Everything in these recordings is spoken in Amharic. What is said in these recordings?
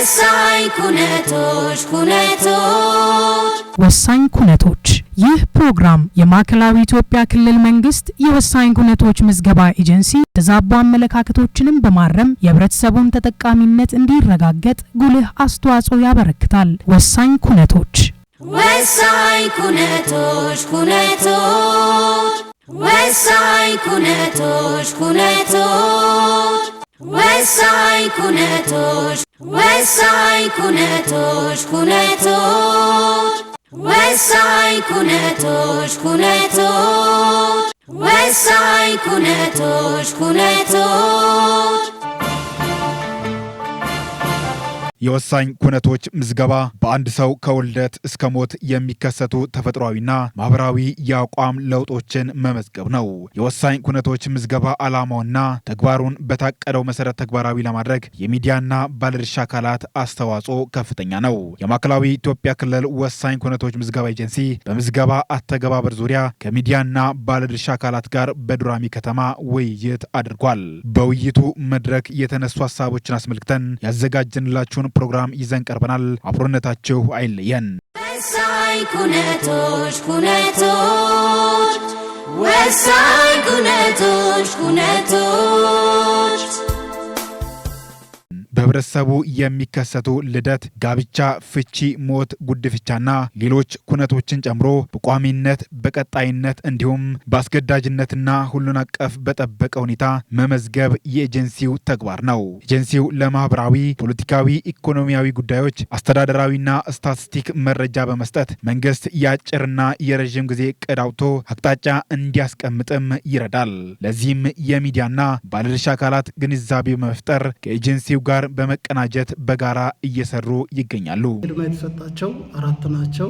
ወሳኝ ኩነቶች ኩነቶች ወሳኝ ኩነቶች ይህ ፕሮግራም የማዕከላዊ ኢትዮጵያ ክልል መንግስት የወሳኝ ኩነቶች ምዝገባ ኤጀንሲ የተዛቡ አመለካከቶችንም በማረም የህብረተሰቡን ተጠቃሚነት እንዲረጋገጥ ጉልህ አስተዋጽኦ ያበረክታል። ወሳኝ ኩነቶች ወሳኝ ኩነቶች ኩነቶች ወሳኝ ኩነቶች ኩነቶች ወሳኝ ኩነቶች ወሳኝ ኩነቶች ኩነቶች ወሳኝ ኩነቶች ኩነቶች ወሳኝ ኩነቶች ኩነቶች የወሳኝ ኩነቶች ምዝገባ በአንድ ሰው ከውልደት እስከ ሞት የሚከሰቱ ተፈጥሯዊና ማህበራዊ የአቋም ለውጦችን መመዝገብ ነው። የወሳኝ ኩነቶች ምዝገባ ዓላማውና ተግባሩን በታቀደው መሰረት ተግባራዊ ለማድረግ የሚዲያና ባለድርሻ አካላት አስተዋጽኦ ከፍተኛ ነው። የማዕከላዊ ኢትዮጵያ ክልል ወሳኝ ኩነቶች ምዝገባ ኤጀንሲ በምዝገባ አተገባበር ዙሪያ ከሚዲያና ባለድርሻ አካላት ጋር በዱራሚ ከተማ ውይይት አድርጓል። በውይይቱ መድረክ የተነሱ ሀሳቦችን አስመልክተን ያዘጋጀንላችሁን የሚለውን ፕሮግራም ይዘን ቀርበናል። አብሮነታችሁ አይለየን። ወሳኝ ኩነቶች ኩነቶች በህብረተሰቡ የሚከሰቱ ልደት፣ ጋብቻ፣ ፍቺ፣ ሞት፣ ጉድፍቻና ሌሎች ኩነቶችን ጨምሮ በቋሚነት በቀጣይነት እንዲሁም በአስገዳጅነትና ሁሉን አቀፍ በጠበቀ ሁኔታ መመዝገብ የኤጀንሲው ተግባር ነው። ኤጀንሲው ለማህበራዊ፣ ፖለቲካዊ፣ ኢኮኖሚያዊ ጉዳዮች አስተዳደራዊና ስታቲስቲክ መረጃ በመስጠት መንግስት የአጭርና የረዥም ጊዜ እቅድ አውጥቶ አቅጣጫ እንዲያስቀምጥም ይረዳል። ለዚህም የሚዲያና ባለድርሻ አካላት ግንዛቤ በመፍጠር ከኤጀንሲው ጋር በ በመቀናጀት በጋራ እየሰሩ ይገኛሉ። ቅድሚያ የተሰጣቸው አራት ናቸው።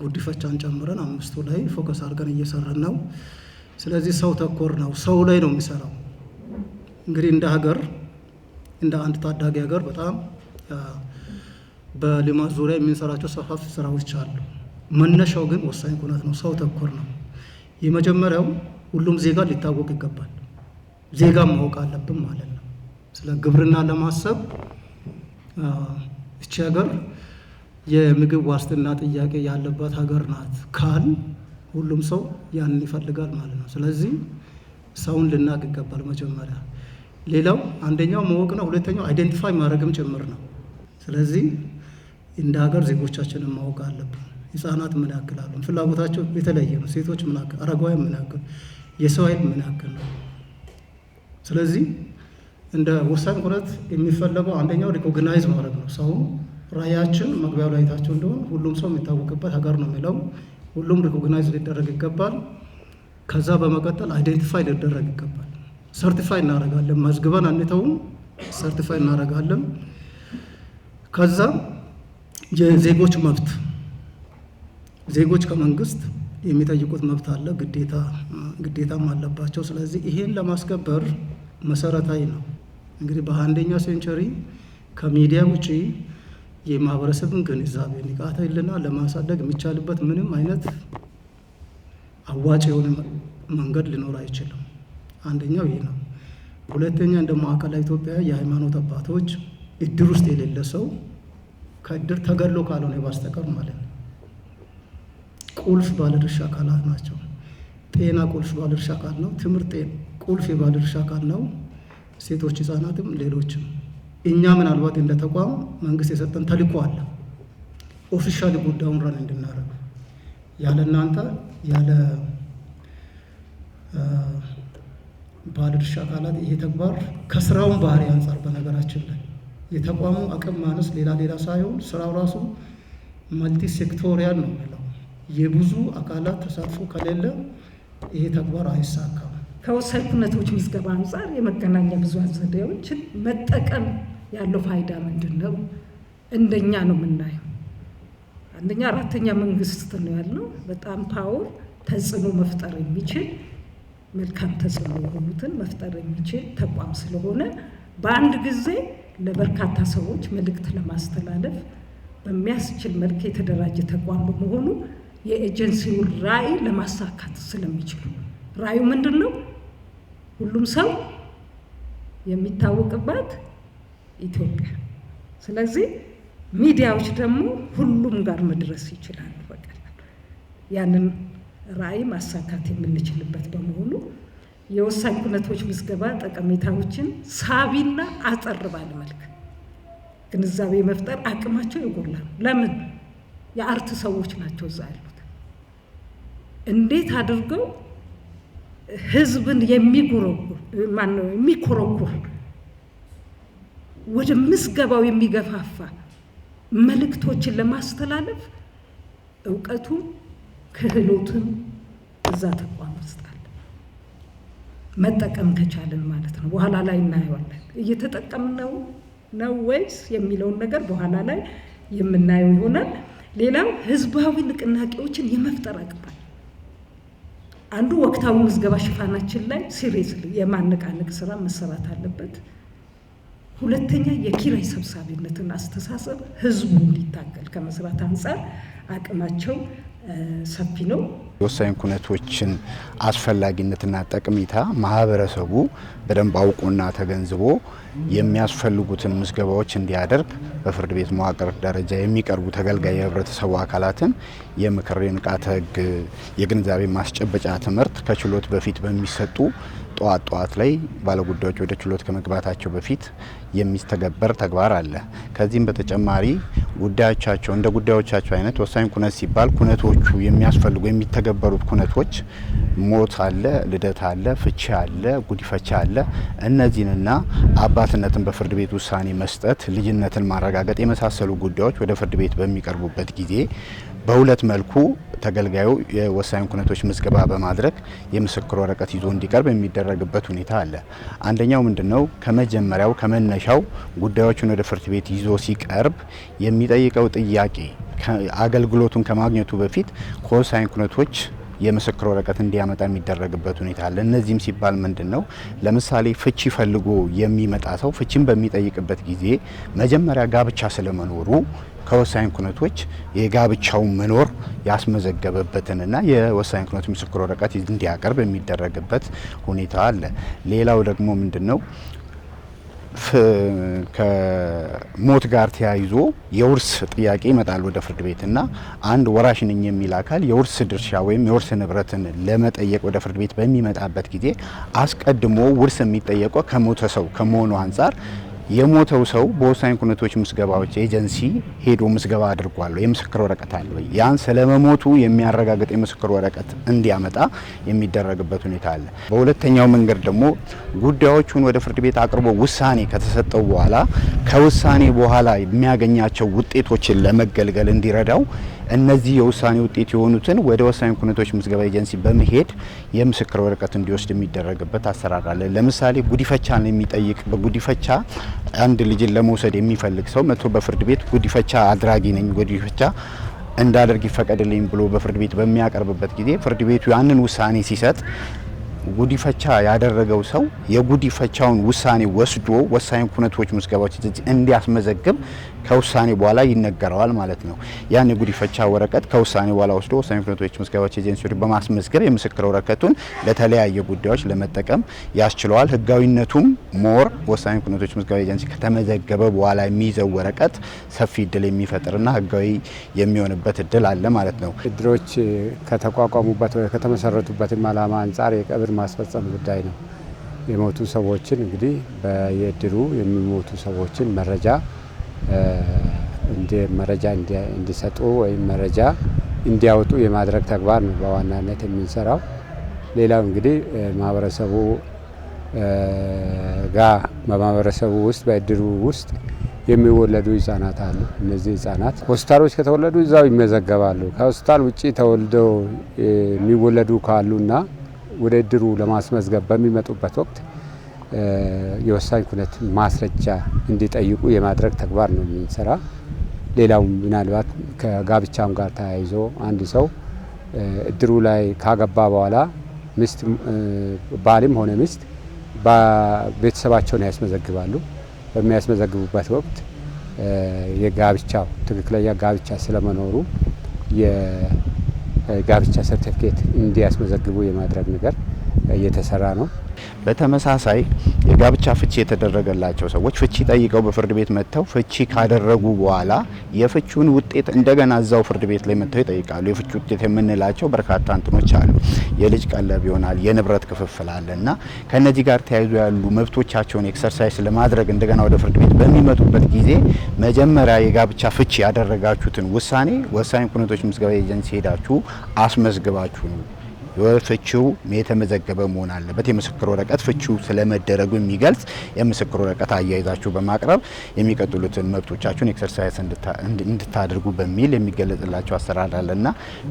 ጉዲፈቻን ጨምረን አምስቱ ላይ ፎከስ አድርገን እየሰራን ነው። ስለዚህ ሰው ተኮር ነው፣ ሰው ላይ ነው የሚሰራው። እንግዲህ እንደ ሀገር እንደ አንድ ታዳጊ ሀገር በጣም በልማት ዙሪያ የምንሰራቸው ሰፋፊ ስራዎች አሉ። መነሻው ግን ወሳኝ ኩነት ነው፣ ሰው ተኮር ነው። የመጀመሪያው ሁሉም ዜጋ ሊታወቅ ይገባል። ዜጋ ማወቅ አለብን ማለት ነው። ስለ ግብርና ለማሰብ እቺ ሀገር የምግብ ዋስትና ጥያቄ ያለባት ሀገር ናት ካል ሁሉም ሰው ያንን ይፈልጋል ማለት ነው። ስለዚህ ሰውን ልናቅ ይገባል። መጀመሪያ ሌላው አንደኛው ማወቅ ነው። ሁለተኛው አይደንቲፋይ ማድረግም ጭምር ነው። ስለዚህ እንደ ሀገር ዜጎቻችንን ማወቅ አለብን። ህጻናት ምን ያክል አሉ? ፍላጎታቸው የተለየ ነው። ሴቶች ምን ያክል፣ አረጋውያን ምን ያክል፣ የሰው ኃይል ምን ያክል ነው? ስለዚህ እንደ ወሳኝ ኩነት የሚፈለገው አንደኛው ሪኮግናይዝ ማድረግ ነው። ሰው ራያችን መግቢያው ላይ አይታችሁ እንደሆነ ሁሉም ሰው የሚታወቅበት ሀገር ነው የሚለው ሁሉም ሪኮግናይዝ ሊደረግ ይገባል። ከዛ በመቀጠል አይደንቲፋይ ሊደረግ ይገባል። ሰርቲፋይ እናደርጋለን፣ መዝግበን አንተውም፣ ሰርቲፋይ እናደርጋለን። ከዛ የዜጎች መብት ዜጎች ከመንግስት የሚጠይቁት መብት አለ፣ ግዴታም አለባቸው። ስለዚህ ይሄን ለማስከበር መሰረታዊ ነው። እንግዲህ በአንደኛው ሴንቸሪ ከሚዲያ ውጪ የማህበረሰብን ግንዛቤ ንቃተ ህሊና ለማሳደግ የሚቻልበት ምንም አይነት አዋጭ የሆነ መንገድ ሊኖር አይችልም። አንደኛው ይህ ነው። ሁለተኛ እንደ ማዕከላዊ ኢትዮጵያ የሃይማኖት አባቶች እድር ውስጥ የሌለ ሰው ከእድር ተገሎ ካልሆነ ባስተቀር ማለት ነው። ቁልፍ ባለድርሻ አካላት ናቸው። ጤና ቁልፍ ባለድርሻ አካል ነው። ትምህርት ቁልፍ የባለድርሻ አካል ነው። ሴቶች፣ ህጻናትም ሌሎችም እኛ ምናልባት እንደ ተቋም መንግስት የሰጠን ተልእኮ አለ። ኦፊሻል ጉዳዩን ረን እንድናደርግ ያለ እናንተ ያለ ባለድርሻ አካላት ይሄ ተግባር ከስራውን ባህሪ አንጻር በነገራችን ላይ የተቋሙ አቅም ማነስ ሌላ ሌላ ሳይሆን ስራው ራሱ መልቲ ሴክቶሪያል ነው የሚለው የብዙ አካላት ተሳትፎ ከሌለ ይሄ ተግባር አይሳካ ከወሳኝ ኩነቶች ምዝገባ አንጻር የመገናኛ ብዙኃን ዘዴዎችን መጠቀም ያለው ፋይዳ ምንድን ነው? እንደኛ ነው የምናየው። አንደኛ አራተኛ መንግስት ነው ያለው በጣም ፓወር ተጽዕኖ መፍጠር የሚችል መልካም ተጽዕኖ የሆኑትን መፍጠር የሚችል ተቋም ስለሆነ በአንድ ጊዜ ለበርካታ ሰዎች መልእክት ለማስተላለፍ በሚያስችል መልክ የተደራጀ ተቋም በመሆኑ የኤጀንሲውን ራዕይ ለማሳካት ስለሚችሉ ራዕዩ ምንድን ነው? ሁሉም ሰው የሚታወቅባት ኢትዮጵያ። ስለዚህ ሚዲያዎች ደግሞ ሁሉም ጋር መድረስ ይችላሉ። በቀላል ያንን ራዕይ ማሳካት የምንችልበት በመሆኑ የወሳኝ ኩነቶች ምዝገባ ጠቀሜታዎችን ሳቢና አጠር ባለ መልክ ግንዛቤ መፍጠር አቅማቸው የጎላ ነው። ለምን የአርት ሰዎች ናቸው እዛ ያሉት እንዴት አድርገው ህዝብን የሚጉረጉር የሚኮረኩር ወደ ምዝገባው የሚገፋፋ መልእክቶችን ለማስተላለፍ እውቀቱ ክህሎቱን እዛ ተቋም ውስጥ አለ። መጠቀም ከቻልን ማለት ነው። በኋላ ላይ እናየዋለን። እየተጠቀምነው ነው ወይስ የሚለውን ነገር በኋላ ላይ የምናየው ይሆናል። ሌላው ህዝባዊ ንቅናቄዎችን የመፍጠር አቅም አንዱ ወቅታዊ ምዝገባ ሽፋናችን ላይ ሲሪየስሊ የማነቃነቅ ስራ መሰራት አለበት። ሁለተኛ የኪራይ ሰብሳቢነትን አስተሳሰብ ህዝቡ እንዲታገል ከመስራት አንጻር አቅማቸው ሰፊ ነው። የወሳኝ ኩነቶችን አስፈላጊነትና ጠቅሜታ ማህበረሰቡ በደንብ አውቆና ተገንዝቦ የሚያስፈልጉትን ምዝገባዎች እንዲያደርግ በፍርድ ቤት መዋቅር ደረጃ የሚቀርቡ ተገልጋይ የህብረተሰቡ አካላትን የምክር ንቃተ ህግ የግንዛቤ ማስጨበጫ ትምህርት ከችሎት በፊት በሚሰጡ ጠዋት ጠዋት ላይ ባለጉዳዮች ወደ ችሎት ከመግባታቸው በፊት የሚስተገበር ተግባር አለ። ከዚህም በተጨማሪ ጉዳዮቻቸው እንደ ጉዳዮቻቸው አይነት ወሳኝ ኩነት ሲባል ኩነቶቹ የሚያስፈልጉ የሚተገበሩት ኩነቶች ሞት አለ፣ ልደት አለ፣ ፍቺ አለ፣ ጉዲፈቻ አለ። እነዚህንና አባትነትን በፍርድ ቤት ውሳኔ መስጠት፣ ልጅነትን ማረጋገጥ የመሳሰሉ ጉዳዮች ወደ ፍርድ ቤት በሚቀርቡበት ጊዜ በሁለት መልኩ ተገልጋዩ የወሳኝ ኩነቶች ምዝገባ በማድረግ የምስክር ወረቀት ይዞ እንዲቀርብ የሚደረግበት ሁኔታ አለ። አንደኛው ምንድነው ከመጀመሪያው ከመነሻው ጉዳዮቹን ወደ ፍርድ ቤት ይዞ ሲቀርብ የሚጠይቀው ጥያቄ አገልግሎቱን ከማግኘቱ በፊት ከወሳኝ ኩነቶች የምስክር ወረቀት እንዲያመጣ የሚደረግበት ሁኔታ አለ። እነዚህም ሲባል ምንድን ነው ለምሳሌ ፍቺ ፈልጎ የሚመጣ ሰው ፍቺን በሚጠይቅበት ጊዜ መጀመሪያ ጋብቻ ስለመኖሩ ከወሳኝ ኩነቶች የጋብቻውን መኖር ያስመዘገበበትንና የወሳኝ ኩነት ምስክር ወረቀት እንዲያቀርብ የሚደረግበት ሁኔታ አለ። ሌላው ደግሞ ምንድን ነው ከሞት ጋር ተያይዞ የውርስ ጥያቄ ይመጣል ወደ ፍርድ ቤት እና አንድ ወራሽ ነኝ የሚል አካል የውርስ ድርሻ ወይም የውርስ ንብረትን ለመጠየቅ ወደ ፍርድ ቤት በሚመጣበት ጊዜ አስቀድሞ ውርስ የሚጠየቀው ከሞተ ሰው ከመሆኑ አንጻር የሞተው ሰው በወሳኝ ኩነቶች ምዝገባዎች ኤጀንሲ ሄዶ ምዝገባ አድርጓል፣ የምስክር ወረቀት አለ። ያን ስለመሞቱ የሚያረጋግጥ የምስክር ወረቀት እንዲያመጣ የሚደረግበት ሁኔታ አለ። በሁለተኛው መንገድ ደግሞ ጉዳዮቹን ወደ ፍርድ ቤት አቅርቦ ውሳኔ ከተሰጠው በኋላ ከውሳኔ በኋላ የሚያገኛቸው ውጤቶችን ለመገልገል እንዲረዳው እነዚህ የውሳኔ ውጤት የሆኑትን ወደ ወሳኝ ኩነቶች ምዝገባ ኤጀንሲ በመሄድ የምስክር ወረቀት እንዲወስድ የሚደረግበት አሰራር አለ። ለምሳሌ ጉዲፈቻን የሚጠይቅ በጉዲፈቻ አንድ ልጅን ለመውሰድ የሚፈልግ ሰው መቶ በፍርድ ቤት ጉዲፈቻ አድራጊ ነኝ ጉዲፈቻ እንዳደርግ ይፈቀድልኝ ብሎ በፍርድ ቤት በሚያቀርብበት ጊዜ ፍርድ ቤቱ ያንን ውሳኔ ሲሰጥ ጉዲፈቻ ያደረገው ሰው የጉዲፈቻውን ውሳኔ ወስዶ ወሳኝ ኩነቶች ምዝገባዎች እንዲያስመዘግብ ከውሳኔ በኋላ ይነገረዋል ማለት ነው። ያን የጉዲፈቻ ወረቀት ከውሳኔ በኋላ ወስዶ ወሳኝ ፍኖቶች ምዝገባዎች ኤጀንሲዎች በማስመዝገብ የምስክር ወረቀቱን ለተለያየ ጉዳዮች ለመጠቀም ያስችለዋል። ህጋዊነቱም ሞር ወሳኝ ፍኖቶች ምዝገባ ኤጀንሲ ከተመዘገበ በኋላ የሚይዘው ወረቀት ሰፊ እድል የሚፈጥርና ህጋዊ የሚሆንበት እድል አለ ማለት ነው። እድሮች ከተቋቋሙበት ወይ ከተመሰረቱበትም አላማ አንጻር የቀብር ማስፈጸም ጉዳይ ነው። የሞቱ ሰዎችን እንግዲህ በየእድሩ የሚሞቱ ሰዎችን መረጃ መረጃ እንዲሰጡ ወይም መረጃ እንዲያወጡ የማድረግ ተግባር ነው በዋናነት የምንሰራው። ሌላው እንግዲህ ማህበረሰቡ ጋር በማህበረሰቡ ውስጥ በእድሩ ውስጥ የሚወለዱ ህጻናት አሉ። እነዚህ ህጻናት ሆስፒታሎች ከተወለዱ እዛው ይመዘገባሉ። ከሆስፒታል ውጭ ተወልደው የሚወለዱ ካሉና ወደ እድሩ ለማስመዝገብ በሚመጡበት ወቅት የወሳኝ ኩነት ማስረጃ እንዲጠይቁ የማድረግ ተግባር ነው የምንሰራ። ሌላው ምናልባት ከጋብቻም ጋር ተያይዞ አንድ ሰው እድሩ ላይ ካገባ በኋላ ሚስት ባልም ሆነ ሚስት ቤተሰባቸውን ያስመዘግባሉ። በሚያስመዘግቡበት ወቅት የጋብቻው ትክክለኛ ጋብቻ ስለመኖሩ የጋብቻ ሰርቲፊኬት እንዲያስመዘግቡ የማድረግ ነገር እየተሰራ ነው። በተመሳሳይ የጋብቻ ፍቺ የተደረገላቸው ሰዎች ፍቺ ጠይቀው በፍርድ ቤት መጥተው ፍቺ ካደረጉ በኋላ የፍቹን ውጤት እንደገና እዛው ፍርድ ቤት ላይ መጥተው ይጠይቃሉ። የፍቹ ውጤት የምንላቸው በርካታ እንትኖች አሉ። የልጅ ቀለብ ይሆናል፣ የንብረት ክፍፍል አለ እና ከእነዚህ ጋር ተያይዞ ያሉ መብቶቻቸውን ኤክሰርሳይዝ ለማድረግ እንደገና ወደ ፍርድ ቤት በሚመጡበት ጊዜ መጀመሪያ የጋብቻ ፍቺ ያደረጋችሁትን ውሳኔ ወሳኝ ኩነቶች ምዝገባ ኤጀንሲ ሄዳችሁ አስመዝግባችሁ ነው ፍቺው የተመዘገበ መሆን አለበት። የምስክር ወረቀት ፍቺው ስለመደረጉ የሚገልጽ የምስክር ወረቀት አያይዛችሁ በማቅረብ የሚቀጥሉትን መብቶቻችሁን ኤክሰርሳይዝ እንድታደርጉ በሚል የሚገለጽላቸው አሰራር አለና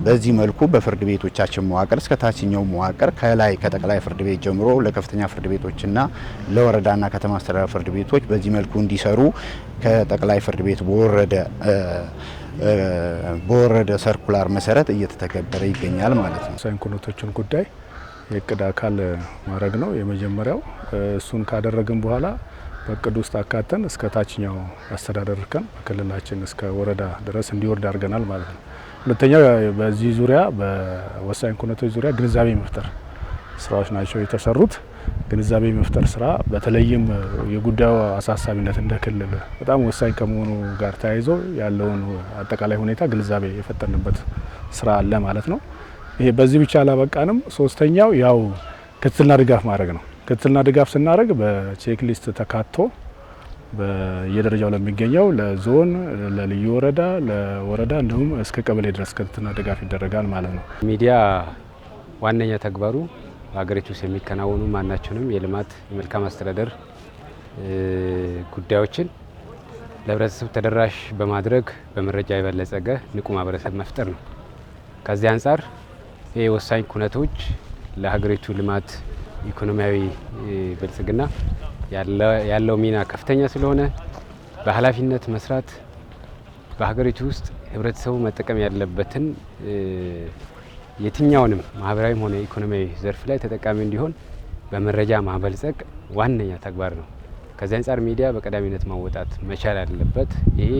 በዚህ መልኩ በፍርድ ቤቶቻችን መዋቅር እስከ ታችኛው መዋቅር ከላይ ከጠቅላይ ፍርድ ቤት ጀምሮ ለከፍተኛ ፍርድ ቤቶችና ለወረዳና ከተማ አስተዳደር ፍርድ ቤቶች በዚህ መልኩ እንዲሰሩ ከጠቅላይ ፍርድ ቤት በወረደ በወረደ ሰርኩላር መሰረት እየተተገበረ ይገኛል ማለት ነው። ሳይን ኩነቶችን ጉዳይ የእቅድ አካል ማድረግ ነው የመጀመሪያው። እሱን ካደረግን በኋላ በእቅድ ውስጥ አካተን እስከ ታችኛው አስተዳደር እርከን በክልላችን እስከ ወረዳ ድረስ እንዲወርድ አድርገናል ማለት ነው። ሁለተኛው በዚህ ዙሪያ በወሳኝ ኩነቶች ዙሪያ ግንዛቤ መፍጠር ስራዎች ናቸው የተሰሩት። ግንዛቤ መፍጠር ስራ በተለይም የጉዳዩ አሳሳቢነት እንደ ክልል በጣም ወሳኝ ከመሆኑ ጋር ተያይዞ ያለውን አጠቃላይ ሁኔታ ግንዛቤ የፈጠርንበት ስራ አለ ማለት ነው። ይሄ በዚህ ብቻ አላበቃንም። ሶስተኛው ያው ክትትልና ድጋፍ ማድረግ ነው። ክትትልና ድጋፍ ስናደርግ በቼክሊስት ተካቶ በየደረጃው ለሚገኘው ለዞን፣ ለልዩ ወረዳ፣ ለወረዳ እንዲሁም እስከ ቀበሌ ድረስ ክትትልና ድጋፍ ይደረጋል ማለት ነው። ሚዲያ ዋነኛ ተግባሩ በሀገሪቱ ውስጥ የሚከናወኑ ማናቸውንም የልማት የመልካም አስተዳደር ጉዳዮችን ለህብረተሰብ ተደራሽ በማድረግ በመረጃ የበለጸገ ንቁ ማህበረሰብ መፍጠር ነው። ከዚህ አንጻር ይህ ወሳኝ ኩነቶች ለሀገሪቱ ልማት፣ ኢኮኖሚያዊ ብልጽግና ያለው ሚና ከፍተኛ ስለሆነ በኃላፊነት መስራት በሀገሪቱ ውስጥ ህብረተሰቡ መጠቀም ያለበትን የትኛውንም ማህበራዊም ሆነ ኢኮኖሚያዊ ዘርፍ ላይ ተጠቃሚ እንዲሆን በመረጃ ማበልጸግ ዋነኛ ተግባር ነው። ከዚህ አንጻር ሚዲያ በቀዳሚነት ማወጣት መቻል አለበት። ይሄ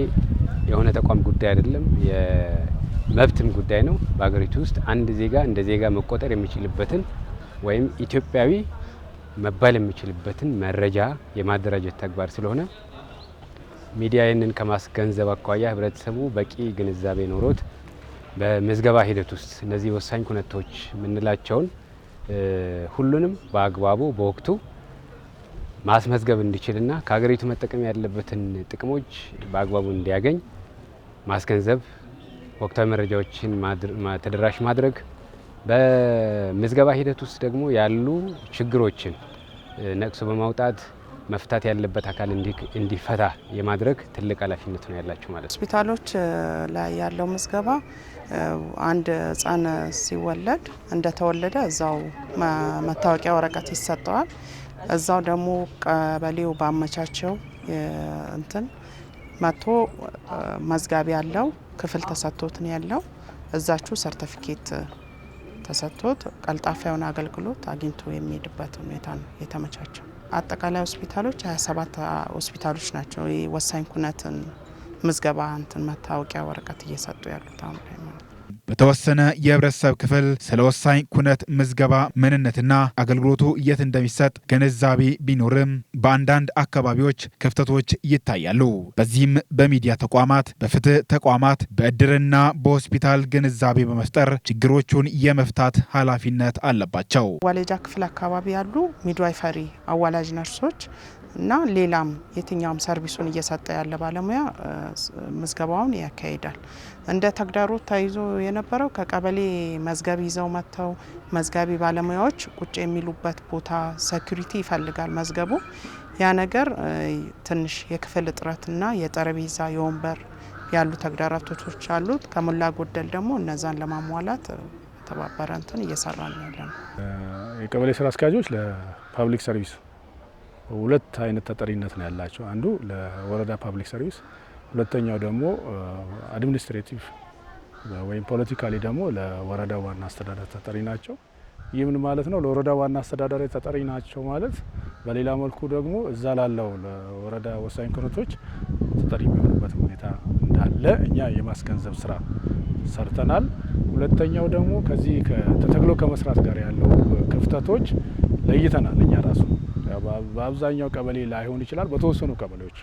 የሆነ ተቋም ጉዳይ አይደለም፣ የመብትም ጉዳይ ነው። በሀገሪቱ ውስጥ አንድ ዜጋ እንደ ዜጋ መቆጠር የሚችልበትን ወይም ኢትዮጵያዊ መባል የሚችልበትን መረጃ የማደራጀት ተግባር ስለሆነ ሚዲያ ይህንን ከማስገንዘብ አኳያ ህብረተሰቡ በቂ ግንዛቤ ኖሮት በምዝገባ ሂደት ውስጥ እነዚህ ወሳኝ ኩነቶች የምንላቸውን ሁሉንም በአግባቡ በወቅቱ ማስመዝገብ እንዲችልና ከሀገሪቱ መጠቀም ያለበትን ጥቅሞች በአግባቡ እንዲያገኝ ማስገንዘብ፣ ወቅታዊ መረጃዎችን ተደራሽ ማድረግ፣ በምዝገባ ሂደት ውስጥ ደግሞ ያሉ ችግሮችን ነቅሶ በማውጣት መፍታት ያለበት አካል እንዲፈታ የማድረግ ትልቅ ኃላፊነት ነው ያላቸው ማለት ነው። ሆስፒታሎች ላይ ያለው ምዝገባ አንድ ህጻን ሲወለድ እንደተወለደ እዛው መታወቂያ ወረቀት ይሰጠዋል። እዛው ደግሞ ቀበሌው ባመቻቸው እንትን መጥቶ መዝጋቢ ያለው ክፍል ተሰጥቶት ነው ያለው እዛችሁ ሰርተፊኬት ተሰጥቶት ቀልጣፋ አገልግሎት አግኝቶ የሚሄድበት ሁኔታ ነው የተመቻቸው። አጠቃላይ ሆስፒታሎች 27 ሆስፒታሎች ናቸው። ወሳኝ ኩነትን ምዝገባ እንትን መታወቂያ ወረቀት እየሰጡ ያሉት አሁን ላይ በተወሰነ የህብረተሰብ ክፍል ስለ ወሳኝ ኩነት ምዝገባ ምንነትና አገልግሎቱ የት እንደሚሰጥ ግንዛቤ ቢኖርም በአንዳንድ አካባቢዎች ክፍተቶች ይታያሉ። በዚህም በሚዲያ ተቋማት፣ በፍትህ ተቋማት፣ በእድርና በሆስፒታል ግንዛቤ በመፍጠር ችግሮቹን የመፍታት ኃላፊነት አለባቸው። ዋሌጃ ክፍል አካባቢ ያሉ ሚድዋይፈሪ አዋላጅ ነርሶች እና ሌላም የትኛውም ሰርቪሱን እየሰጠ ያለ ባለሙያ ምዝገባውን ያካሂዳል። እንደ ተግዳሮት ተይዞ የነበረው ከቀበሌ መዝገብ ይዘው መጥተው መዝጋቢ ባለሙያዎች ቁጭ የሚሉበት ቦታ ሰኩሪቲ ይፈልጋል መዝገቡ። ያ ነገር ትንሽ የክፍል እጥረትና የጠረጴዛ የወንበር ያሉ ተግዳራቶች አሉት። ከሞላ ጎደል ደግሞ እነዛን ለማሟላት ተባበረ እንትን እየሰራ ነው ያለ ነው። የቀበሌ ስራ አስኪያጆች ለፓብሊክ ሰርቪስ ሁለት አይነት ተጠሪነት ነው ያላቸው። አንዱ ለወረዳ ፓብሊክ ሰርቪስ ሁለተኛው ደግሞ አድሚኒስትሬቲቭ ወይም ፖለቲካሊ ደግሞ ለወረዳ ዋና አስተዳደር ተጠሪ ናቸው። ይህ ምን ማለት ነው? ለወረዳ ዋና አስተዳደር ተጠሪ ናቸው ማለት በሌላ መልኩ ደግሞ እዛ ላለው ለወረዳ ወሳኝ ክህነቶች ተጠሪ የሚሆኑበት ሁኔታ እንዳለ እኛ የማስገንዘብ ስራ ሰርተናል። ሁለተኛው ደግሞ ከዚህ ተተግሎ ከመስራት ጋር ያለው ክፍተቶች ለይተናል። እኛ ራሱ በአብዛኛው ቀበሌ ላይሆን ይችላል፣ በተወሰኑ ቀበሌዎች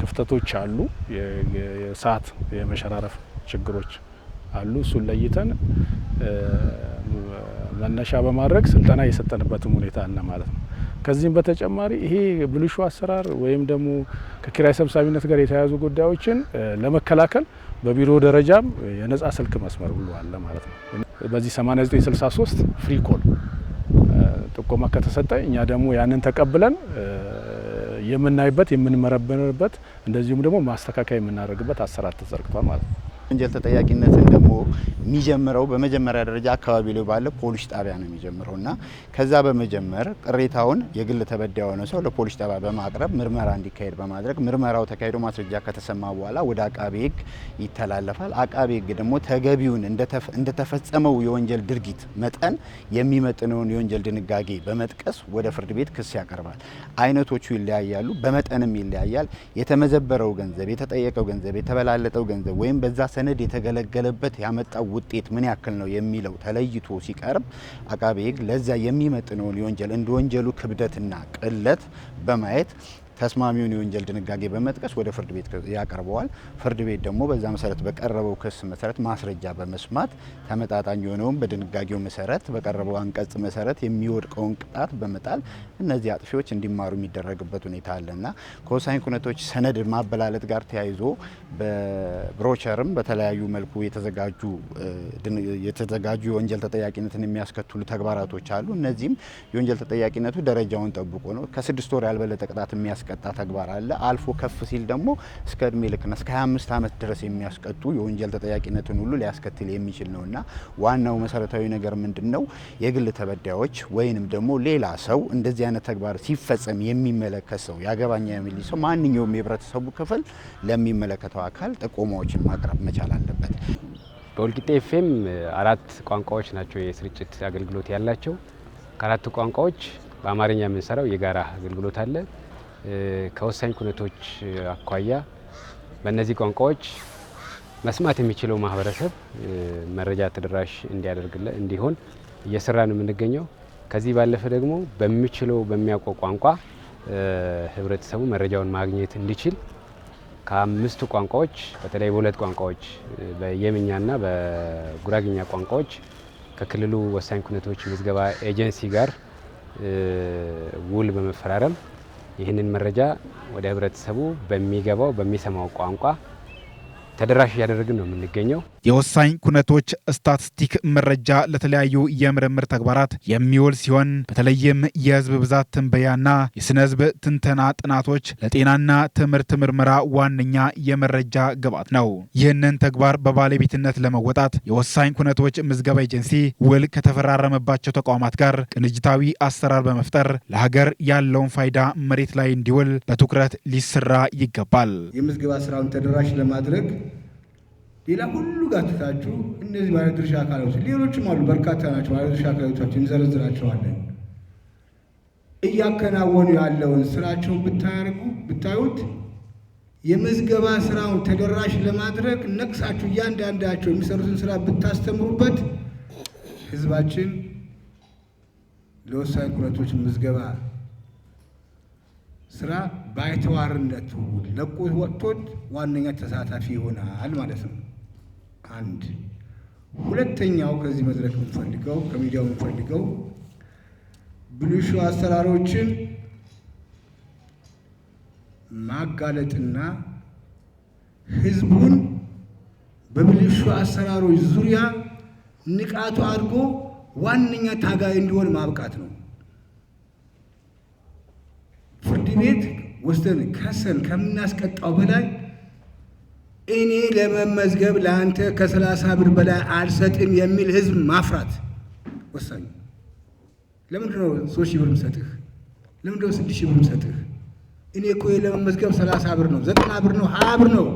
ክፍተቶች አሉ፣ የሰዓት የመሸራረፍ ችግሮች አሉ። እሱን ለይተን መነሻ በማድረግ ስልጠና የሰጠንበትም ሁኔታ አለ ማለት ነው። ከዚህም በተጨማሪ ይሄ ብልሹ አሰራር ወይም ደግሞ ከኪራይ ሰብሳቢነት ጋር የተያያዙ ጉዳዮችን ለመከላከል በቢሮ ደረጃም የነጻ ስልክ መስመር ሁሉ አለ ማለት ነው። በዚህ 8963 ፍሪ ኮል ጥቆማ ከተሰጠ እኛ ደግሞ ያንን ተቀብለን የምናይበት የምንመረምርበት እንደዚሁም ደግሞ ማስተካከያ የምናደርግበት አሰራር ተዘርግቷል ማለት ነው። ወንጀል ተጠያቂነትን ደግሞ የሚጀምረው በመጀመሪያ ደረጃ አካባቢ ላይ ባለ ፖሊስ ጣቢያ ነው የሚጀምረው እና ከዛ በመጀመር ቅሬታውን የግል ተበዳይ የሆነ ሰው ለፖሊስ ጣቢያ በማቅረብ ምርመራ እንዲካሄድ በማድረግ ምርመራው ተካሂዶ ማስረጃ ከተሰማ በኋላ ወደ አቃቤ ሕግ ይተላለፋል። አቃቤ ሕግ ደግሞ ተገቢውን እንደተፈጸመው የወንጀል ድርጊት መጠን የሚመጥነውን የወንጀል ድንጋጌ በመጥቀስ ወደ ፍርድ ቤት ክስ ያቀርባል። አይነቶቹ ይለያያሉ፣ በመጠንም ይለያያል። የተመዘበረው ገንዘብ፣ የተጠየቀው ገንዘብ፣ የተበላለጠው ገንዘብ ወይም በዛ ሰነድ የተገለገለበት ያመጣው ውጤት ምን ያክል ነው የሚለው ተለይቶ ሲቀርብ አቃቤ ሕግ ለዛ የሚመጥነውን የወንጀል እንደ ወንጀሉ ክብደትና ቅለት በማየት ተስማሚውን የወንጀል ድንጋጌ በመጥቀስ ወደ ፍርድ ቤት ያቀርበዋል። ፍርድ ቤት ደግሞ በዛ መሰረት በቀረበው ክስ መሰረት ማስረጃ በመስማት ተመጣጣኝ የሆነውን በድንጋጌው መሰረት በቀረበው አንቀጽ መሰረት የሚወድቀውን ቅጣት በመጣል እነዚህ አጥፊዎች እንዲማሩ የሚደረግበት ሁኔታ አለና ከወሳኝ ኩነቶች ሰነድ ማበላለጥ ጋር ተያይዞ በብሮቸርም በተለያዩ መልኩ የተዘጋጁ የተዘጋጁ የወንጀል ተጠያቂነትን የሚያስከትሉ ተግባራቶች አሉ። እነዚህም የወንጀል ተጠያቂነቱ ደረጃውን ጠብቆ ነው ከስድስት ወር ያልበለጠ ቅጣት የሚያስ የማስቀጣ ተግባር አለ። አልፎ ከፍ ሲል ደግሞ እስከ እድሜ ልክና እስከ 25 ዓመት ድረስ የሚያስቀጡ የወንጀል ተጠያቂነትን ሁሉ ሊያስከትል የሚችል ነው እና ዋናው መሰረታዊ ነገር ምንድን ነው? የግል ተበዳዮች ወይንም ደግሞ ሌላ ሰው እንደዚህ አይነት ተግባር ሲፈጸም የሚመለከት ሰው ያገባኛ የሚል ሰው ማንኛውም የህብረተሰቡ ክፍል ለሚመለከተው አካል ጥቆማዎችን ማቅረብ መቻል አለበት። በወልቂጤ ኤፍኤም አራት ቋንቋዎች ናቸው የስርጭት አገልግሎት ያላቸው። ከአራቱ ቋንቋዎች በአማርኛ የምንሰራው የጋራ አገልግሎት አለ። ከወሳኝ ኩነቶች አኳያ በእነዚህ ቋንቋዎች መስማት የሚችለው ማህበረሰብ መረጃ ተደራሽ እንዲያደርግለ እንዲሆን እየሰራ ነው የምንገኘው። ከዚህ ባለፈ ደግሞ በሚችለው በሚያውቀው ቋንቋ ህብረተሰቡ መረጃውን ማግኘት እንዲችል ከአምስቱ ቋንቋዎች በተለይ በሁለት ቋንቋዎች በየምኛና በጉራግኛ ቋንቋዎች ከክልሉ ወሳኝ ኩነቶች ምዝገባ ኤጀንሲ ጋር ውል በመፈራረም ይህንን መረጃ ወደ ህብረተሰቡ በሚገባው በሚሰማው ቋንቋ ተደራሽ እያደረግን ነው የምንገኘው። የወሳኝ ኩነቶች ስታትስቲክ መረጃ ለተለያዩ የምርምር ተግባራት የሚውል ሲሆን በተለይም የህዝብ ብዛት ትንበያና የስነ ህዝብ ትንተና ጥናቶች ለጤናና ትምህርት ምርመራ ዋነኛ የመረጃ ግብዓት ነው። ይህንን ተግባር በባለቤትነት ለመወጣት የወሳኝ ኩነቶች ምዝገባ ኤጀንሲ ውል ከተፈራረመባቸው ተቋማት ጋር ቅንጅታዊ አሰራር በመፍጠር ለሀገር ያለውን ፋይዳ መሬት ላይ እንዲውል በትኩረት ሊሰራ ይገባል። የምዝገባ ስራውን ተደራሽ ለማድረግ ሌላ ሁሉ ጋር ትታችሁ እነዚህ ባለድርሻ አካላት ሌሎችም አሉ፣ በርካታ ናቸው። ባለድርሻ አካላቶቻችን እንዘረዝራቸዋለን። እያከናወኑ ያለውን ስራቸውን ብታደርጉ ብታዩት የምዝገባ ስራውን ተደራሽ ለማድረግ ነቅሳችሁ እያንዳንዳቸው የሚሰሩትን ስራ ብታስተምሩበት ህዝባችን ለወሳኝ ኩነቶች ምዝገባ ስራ ባይተዋርነቱ ለቆ ወጥቶት ዋነኛ ተሳታፊ ይሆናል ማለት ነው። አንድ ሁለተኛው ከዚህ መድረክ የምንፈልገው ከሚዲያው የምንፈልገው ብልሹ አሰራሮችን ማጋለጥና ህዝቡን በብልሹ አሰራሮች ዙሪያ ንቃቱ አድርጎ ዋነኛ ታጋይ እንዲሆን ማብቃት ነው። ፍርድ ቤት ወስደን ከሰን ከምናስቀጣው በላይ እኔ ለመመዝገብ ለአንተ ከሰላሳ ብር በላይ አልሰጥም የሚል ህዝብ ማፍራት ወሳኝ። ለምንድን ነው ሶስት ሺህ ብር ምሰጥህ? ለምንድን ነው ስድስት ሺህ ብር ምሰጥህ? እኔ እኮ ለመመዝገብ ሰላሳ ብር ነው ዘጠና ብር ነው ሀያ ብር ነው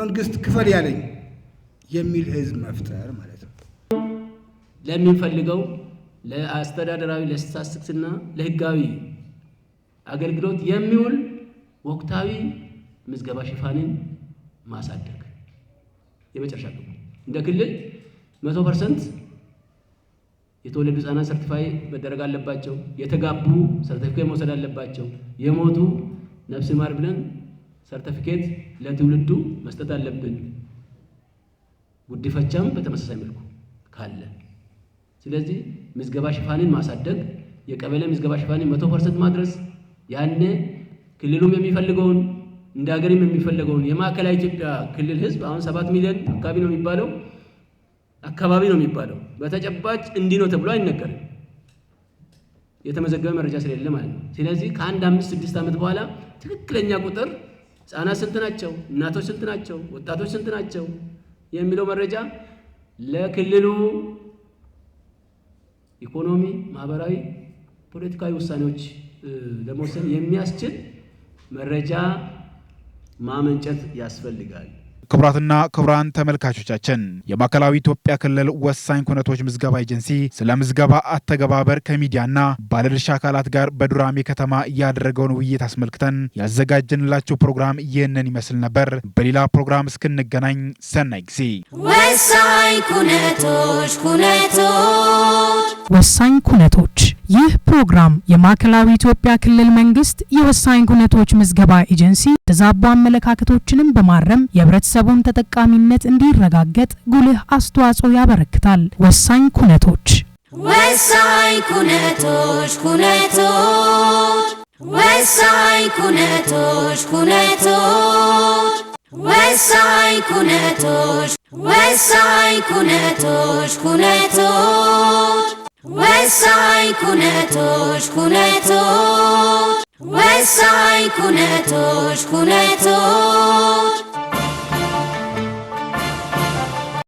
መንግስት ክፈል ያለኝ የሚል ህዝብ መፍጠር ማለት ነው። ለሚፈልገው ለአስተዳደራዊ ለስታስክስና ለህጋዊ አገልግሎት የሚውል ወቅታዊ ምዝገባ ሽፋንን ማሳደግ የመጨረሻ ግቡ እንደ ክልል መቶ ፐርሰንት የተወለዱ ህጻናት ሰርቲፋይ መደረግ አለባቸው። የተጋቡ ሰርቲፊኬት መውሰድ አለባቸው። የሞቱ ነፍስ ይማር ብለን ሰርቲፊኬት ለትውልዱ መስጠት አለብን። ጉዲፈቻም በተመሳሳይ መልኩ ካለ ስለዚህ ምዝገባ ሽፋንን ማሳደግ፣ የቀበሌ ምዝገባ ሽፋንን መቶ ፐርሰንት ማድረስ ያኔ ክልሉም የሚፈልገውን እንደ ሀገርም የሚፈለገውን የማዕከላዊ ኢትዮጵያ ክልል ህዝብ አሁን ሰባት ሚሊዮን አካባቢ ነው የሚባለው አካባቢ ነው የሚባለው በተጨባጭ እንዲህ ነው ተብሎ አይነገርም። የተመዘገበ መረጃ ስለሌለ ማለት ነው። ስለዚህ ከአንድ አምስት ስድስት ዓመት በኋላ ትክክለኛ ቁጥር ህጻናት ስንት ናቸው፣ እናቶች ስንት ናቸው፣ ወጣቶች ስንት ናቸው የሚለው መረጃ ለክልሉ ኢኮኖሚ፣ ማህበራዊ፣ ፖለቲካዊ ውሳኔዎች ለመወሰን የሚያስችል መረጃ ማመንጨት ያስፈልጋል። ክቡራትና ክቡራን ተመልካቾቻችን የማዕከላዊ ኢትዮጵያ ክልል ወሳኝ ኩነቶች ምዝገባ ኤጀንሲ ስለ ምዝገባ አተገባበር ከሚዲያና ባለድርሻ አካላት ጋር በዱራሜ ከተማ እያደረገውን ውይይት አስመልክተን ያዘጋጀንላቸው ፕሮግራም ይህንን ይመስል ነበር። በሌላ ፕሮግራም እስክንገናኝ ሰናይ ጊዜ። ወሳኝ ኩነቶች ኩነቶች ወሳኝ ኩነቶች ይህ ፕሮግራም የማዕከላዊ ኢትዮጵያ ክልል መንግስት የወሳኝ ኩነቶች ምዝገባ ኤጀንሲ ተዛባ አመለካከቶችንም በማረም የህብረተሰቡን ተጠቃሚነት እንዲረጋገጥ ጉልህ አስተዋጽኦ ያበረክታል። ወሳኝ ኩነቶች ወሳኝ ኩነቶች ኩነቶች ወሳኝ ኩነቶች ኩነቶች ወሳኝ ኩነቶች ወሳኝ ኩነቶች ኩነቶች ወሳኝ ኩነቶች ኩነቶች ወሳኝ ኩነቶች ኩነቶች